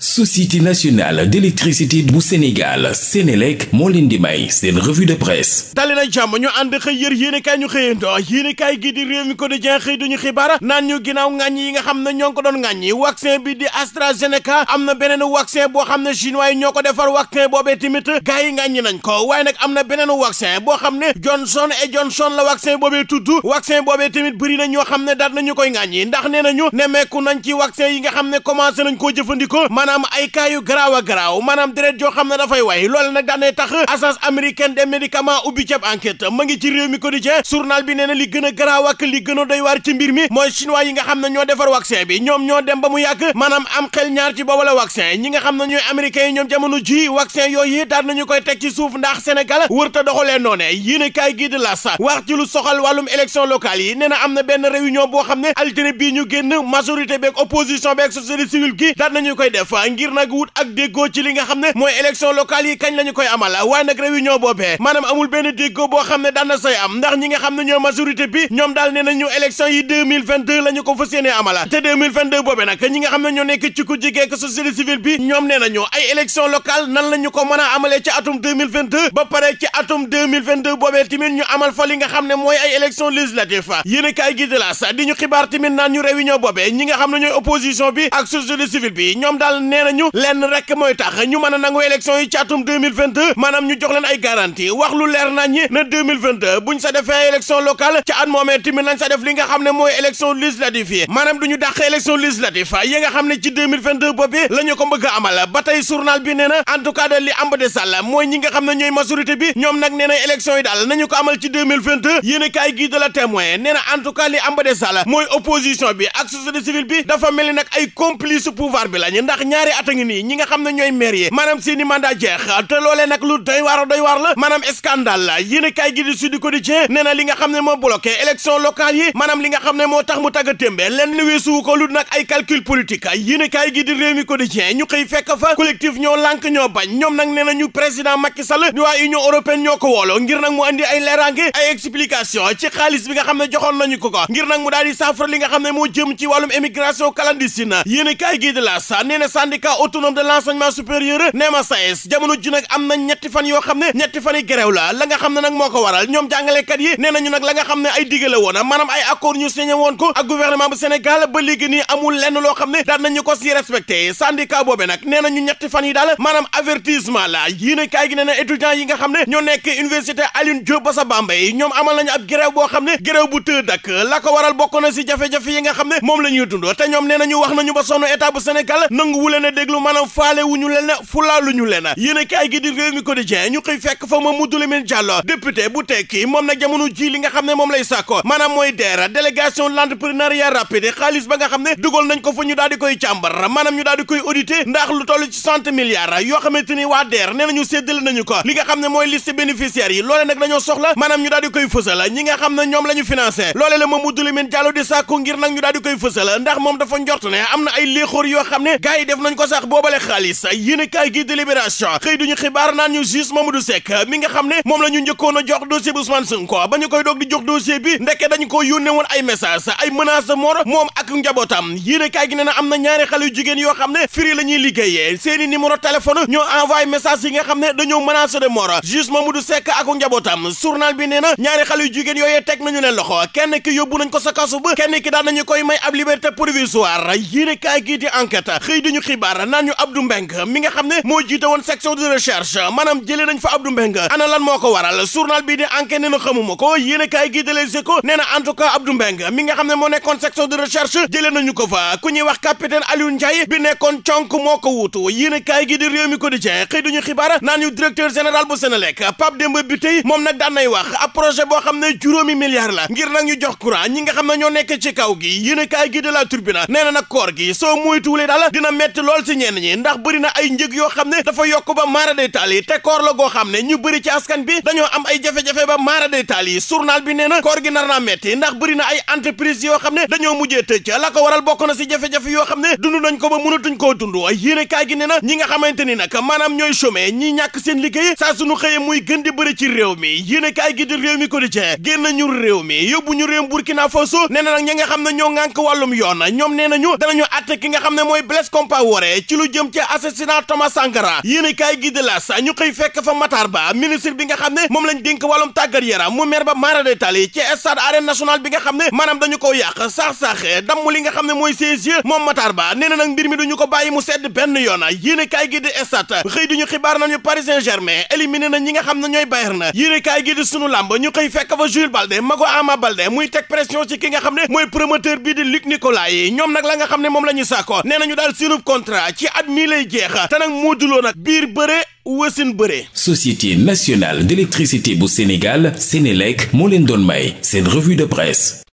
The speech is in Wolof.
société nationale d'électricité bu Sénégal Sénélec moo leen di may seen revue de presse dali jàmm ñu ànd xëy yër yéenekaay ñu xëyanto yéenekaay gi di réew mi ko di jen xëy duñu xibaar naan ñu ginnaaw ŋàññ yi nga xam ne ñoo ngi ko doon ŋàññi vaccin bi di AstraZeneca am na beneen vaccin boo xam ne chinois yi ñoo ko defar vaccin boobee tamit gars yi ŋàññi nañ ko waaye nag am na beneen vaccin boo xam ne Johnson et Johnson la vaccin boobee tudd vaccin boobee tamit bëri na ñoo xam ne daat nañu koy ŋàññi ndax nee nañu nemmeeku nañ ci vaccin yi nga xam ne commencé nañ koo jëfandikoo maanaam ay cas yu garaaw a garaaw maanaam deret joo xam ne dafay way loole nag daanee tax agence américaine des médicaments ubbi cab enquête ma ngi ci réew mi quotidien journal a garaaw ak a doy waar ci suuf ndax Sénégal wër ta noone yéen a kaay gii las wax soxal wàllum élection locale yi nee na am na benn réunion boo xam ne altine bii ñu génn majorité beeg opposition beeg société civile gi daan nañu koy def fa ngir nag wut ak déggoo ci li nga xam ne mooy élection locale yi kañ la ñu koy amal waaye nag réunion boobee maanaam amul benn déggoo boo xam ne daan na say am ndax ñi nga xam ne ñoo majorité bi ñoom daal nee nañu élection yi 2022 la ñu ko fas yéene amala te 2022 boobee nag ñi nga xam ne ñoo nekk ci ku jigee société civile bi ñoom nee nañu ay élection locale nan la ñu ko mën a amalee ci atum 2022 ba pare ci atum 2022 boobee tamit ñu amal fa li nga xam ne mooy ay élection législative yéen kaay gi de la di ñu xibaar tamit bi ak société civile bi ñoom nee lenn rek mooy tax ñu mën nangu élection yi caatum 2022 ñu jox ay garantie wax lu leer ñi na 2022 buñ sa defee élection locale ca at moomee tamit sa def li nga xam ne mooy élection législative yi maanaam du ñu dàq élection législative yi nga xam ne ci 2022 boobu la ñu ko bëgg a amal ba tey journal bi nee na en tout li am de sàll mooy ñi nga xam ne ñooy majorité bi ñoom nag nee na yi daal nañu ko amal ci 2022 yéen a kaay ñaari a a li nga xam ne moo bloqué élection locale yi maanaam li nga xam ne moo tax mu tagga témbe lenn weesuwu ko lu nag ay calcul politique yéen a kaay gi di Rewmi Quotidien ñu xëy fekk fa collectif ñoo lànk ñoo bañ ñoom nag nee nañu président Macky Sall waa Union européenne ñoo ko woolo ngir nag mu andi ay leeraange ay explication ci xaalis bi nga xam ne joxoon nañu ko ko ngir nag mu daal di li nga xam ne moo jëm ci wàllum émigration clandestine syndicat autonome de l'enseignement supérieur nee ma SAES jamono ji nag am na ñetti fan yoo xam ne ñetti fan yi grève la la nga xam ne nag moo ko waral ñoom jàngalekat yi nee nañu nag la nga xam ne ay digale woon maanaam ay accord ñu signé woon ko ak gouvernement bu Sénégal ba léegi amul lenn loo xam ne daan nañu ko si respecté syndicat boobe nag nee nañu ñetti fan yi daal maanaam avertissement la yéen a kaay gi nee na étudiants yi nga xam ne ñoo nekk université Alioune Diop ba sa Bambey ñoom amal nañu ab boo xam ne grève bu tëdd ak la waral bokk na si jafe yi nga xam ne moom la ñuy dund te ñoom nee nañu wax nañu ba sonn état bu Sénégal nangu nanguwu leen a faale wu ñu leen a fulaalu ñu leen a yéen a kaay gi di réew mi ñu koy fekk fa Mamadou Lamine Diallo député bu tekki moom nag ji li nga xam ne moom lay sàkko maanaam mooy deera délégation l'entrepreneuriat rapide xaalis ba nga xam ne dugal nañ ko fa ñu daal koy càmbar maanaam ñu daal koy audité ndax lu toll ci cent milliards yoo xamante ni waa deer nee nañu séddale nañu ko li nga xam ne mooy liste bénéficiaires loole nag dañoo soxla def nañ ko sax boobale xaalis yéen kaay gi délibération xëy duñu xibaar naan ñu juge Mamadou Seck mi nga xam ne moom la ñu njëkkoon a jox dossier bi Ousmane Sonko ba ñu koy doog di jox dossier bi ndeke dañu ko yónnee woon ay message ay menace de mort moom ak njabootam yéen kaay gi ne na am na ñaari xal yu jigéen yoo xam ne firi la ñuy liggéeyee seeni numéro téléphone ñoo envoyé message yi nga xam ne dañoo menacé de mort juge Mamadou sekk ak njabootam journal bi nee na ñaari xale yu jigéen yooyee teg nañu leen loxo kenn ki yóbbu nañ ko sa kasu ba kenn ki daan nañu koy may ab liberté provisoire yéen kaay gi di enquête xëy xibaar naan ñu Abdou Mbengue mi nga xam ne moo jiite woon section de recherche maanaam jëlee nañ fa Abdou Mbengue ana lan moo ko waral journal bii di enquête na xamuma ko yéen a kaay gi de Les na en tout cas mi nga xam ne moo nekkoon section de recherche jëlee nañu ko fa ku ñuy wax capitaine Aliou Ndiaye bi nekkoon conk moo ko wuutu yéen a kaay di réew ko di jeex xëy duñu xibaar naan ñu directeur général bu Sénélec Pape Demba Bitèye moom nag daan nay wax a métti lool ci ñenn ñi ndax bëri na ay njëg yoo xam ne dafa yokk ba maara day taal yi te koor la goo xam ne ñu bëri ci askan bi dañoo am ay jafe-jafe ba maara day taal yi journal bi nee na koor gi nar naa ndax bëri na ay entreprise yoo xam ne dañoo mujjee tëj la ko waral bokk na si jafe-jafe yoo xam ne dund nañ ko ba mënatuñ koo dund yéenekaay gi nee na ñi nga xamante ni nag maanaam ñooy some ñi ñàkk seen liggéey saa sunu xëyee muy gën di bëri ci réew mi yéenekaay gi di réew mi quotidien génn ñu réew mi yóbbu ñu réew Burkina Faso nee na ñi nga xam ne ñoo ŋànk wàllum yoon ñoom nee nañu danañu àtte ki nga xam ne mooy Blaise Compaoré woree ci lu jëm ci assassinat Thomas Sankara yéenekaay gi di L'As ñu xëy fekk fa Matar Ba ministre bi nga xam ne moom la dénk wàllum tàggat yaram mu mer ba bi nga xam ne maanaam dañu ko yàq saax-saaxe damm li nga xam ne mooy CSG moom Matar Ba nee na nag mbir mi duñu ko bàyyi mu sedd benn yoon yéenekaay gi di Stades xëy duñu xibaar nañu Paris Saint-Germain éliminé na ñi nga xam ne ñooy Bayern yéenekaay gi di sunu làmb ñu xëy fekk fa Jules Balde mago Ama Balde muy teg pression ci ki nga xam ne mooy promoteur bi di Luc ne moom ñu sàkko nee contrat ci at mii lay jeexa te nag mooduloo nag biir bëre wasin bëre société nationale d'électricité bu Sénégal Sénélec moo leen doon may seen revue de presse